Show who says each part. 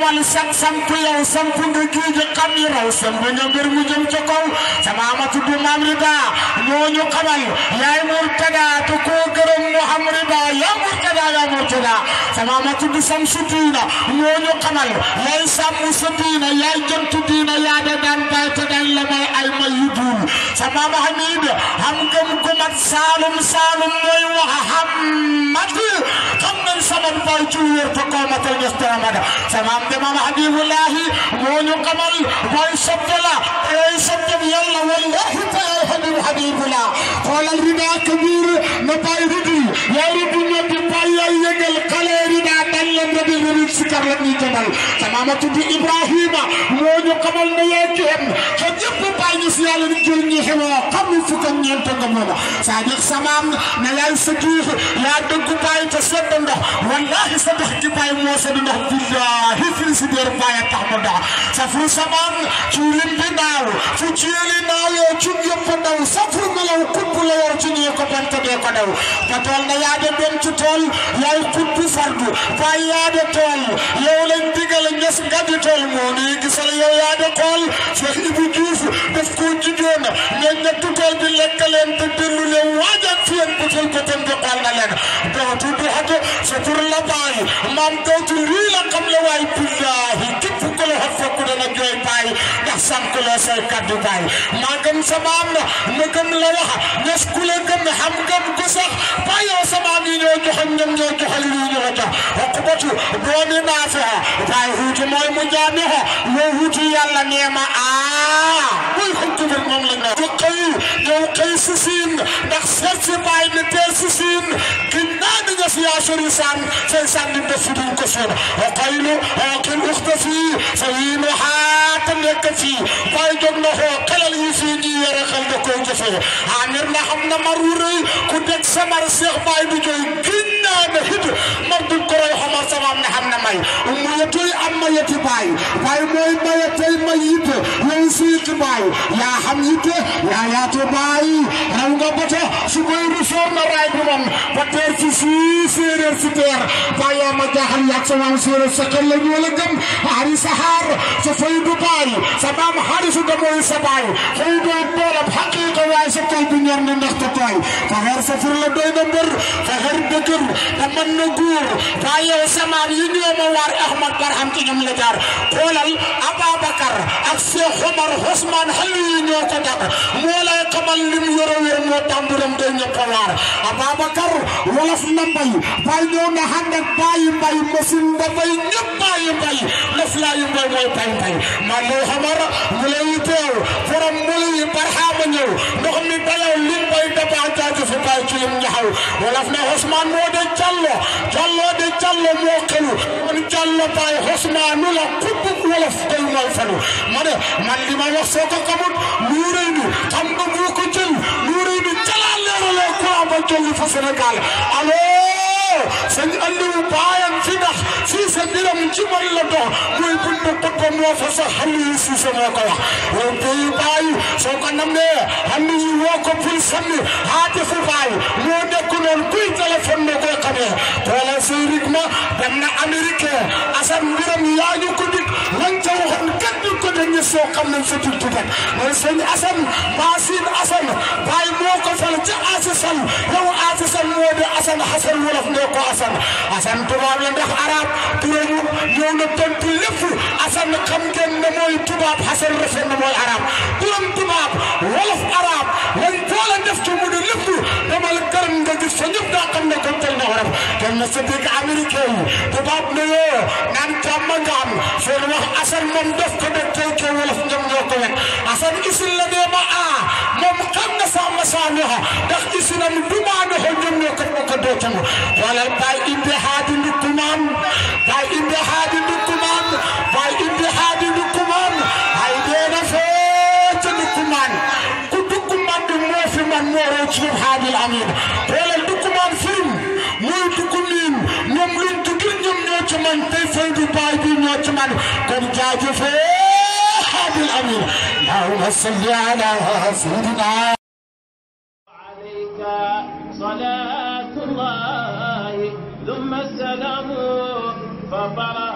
Speaker 1: demal sam samp yow samp nga géej xam yi raw samp nga mbir mu jëm ca kaw sama ama tudd maam riba moo ñu xamal yaay murtada te koo gërëm mu xam riba yaa murtada yaa bay te la may ay may yu duul sama saalum saalum mooy wax xam mat juuyir to komatal ñestamada samamde mama habibullahi moñu kamal way sobdela ey sobdem yalla wallahi taala habib habibula kolal rida kabir no bay ridi ya ridi no bay yegel kale rida yende di ñu nit sikar la ñuy jëndal sa maama tudd Ibrahima moo ñu xamal ne yaa kenn sa ñëpp bàyyi ñu si yàlla nit jël ñu xewoo xam ne fukk ak ñeent nga mooma c'est-à-dire sa maam ne yaay sa giir yaa dëggu bàyyi te sedd ndox wallahi sa dox ci bàyyi moo sedd ndox billahi fii si biir bàyyi tax mu dox sa fu sa maam ci lim bi naaw fu jiili naawoo ci yëpp daw sa fu melaw kubb la war ci ñee ko bon te dee ko daw te tool na yaa dem ci tool yaay kubb fardu bàyyi yaa tool yow lañ digal ñes nga di tool moo ne gisal yow yaa de xool Cheikh Ibou Diouf daf koo juddoon ñoom ñetti bi lekk leen te dellu leen waajal fi yéen bëtal bëtam bi xool na leen dootu du xatu sa tur la bàyyi maam dootu rii la xam la waay billaahi képp ku la xat fekku dana jooy bàyyi ndax sànq loo say kaddu baay maa gëm sama am na gëm la wax nes ku la gëm xam gëm ko sax bàyyoo sama am yi ñoo joxoon ñoom ñoo joxal lii ñu la jox xukubatu doomi naafeha baay huuti mooy mu jaamiho loo huuti yàlla neema aa muy xukkubu moom la ñu xëy yow xëy si siin ndax seet si baay ni teel si siin ginnaaw di nga fi yaa sori saan say sànni def fi duñ ko suun xaylu xil uxta fii aw ci suuf amir na xam na mar wu rëy ku dégg samar seex baay du jooy gin naa na hit mar du koroy xomar samaam na xam na may mu yetoy am ma yeti baay baay mooy ma yetey ma yitte yow siit baay yaa xam yitte yaa yaatu baay raw nga bata su koy rusoon man ba teer fii séeréer si teer ba yaa ma jaaxal yàgg sa maam séeréer sa xel la ñu wala gëm xaari sa xaar sa fay du sa maam xaari su damooy sa baay fay doo boolam xaqiiqa waaye sa tey du na ndax tooy fa xer sa fur la doy na mbër fa xer dëkkër da mën na góor waaye yow sa maam yi ñoo ma waar Ahmad Barham ci ñoom la jaar xoolal Ababacar ak Cheikh Omar Ousmane xale yi ñoo ko dàq moo lay xamal lim yore wér moo tàmburam day ñëpp a waar Ababacar wolof na mbay bay ñëw na ànd ak bàyyi mbay masin ba bay ñëpp bàyyi mbay daf laayu mbay mooy tay tay man lay xamar mu lay teew borom muluy barxaama ñëw ndox mi bayaw lim bay dabaa jaajëf bay ci lim ñaxaw wolof na Ousmane moo de Jallo Jallo de Jallo moo xelu Diallo Baye Ousmane la kubbub wolof tey mal fanu ma ne man li ma wax soo ko xamul lu rëy du xam nga moo ko jël lu rëy du ba jolli fa Sénégal allo sëñ Aliou baayam fi ndax Cissé biram ci man la dox muy buñ ba bëgg ba moo fa sax Aliou Cissé moo ko wax yow pays baay soo ko haati fu baay moo nekk noonu kuy téléphone ne koy xamee toola ma dem na Amérique mbiram yaa ñu lañ ca waxoon kenn ko dañu soo xam nañ fa jubtu kat mooy sëñ asan baasin asan baay moo ko fal ca asisan yow asisan moo de asan xasan wolof ne ko asan asan tubaab la ndax arab turañu ñëw na tontu lépp asan xam ngeen ne mooy tubaab xasan rafet na mooy arab turam tubaab wolof arab lañ boole def ci mu di lépp damal karam nga gis fa ñëpp daa xam ne na arab dem na sa dégg américain tubaab na yoo naan jàmm nga ndax asan moom def ko def koy koy wolof ñoom ñoo ko wet asan isil dee ma a ah, moom xam na sa masaanoha ndax isinam dumaanoho ñoom ñoo ko moo ko dootango walal bay inde haadi ndukkumaam bay inde haadi ndukkumaam bay inde haadi ndukkumaam ay ku ndukkumaan du moo fi man moo roo ci haadil amin Seydou Baye bi ñoo ci man kon jaajëfee Habil Amin allahumma salli ala sayyidina
Speaker 2: alayka salatu llahi thumma salamu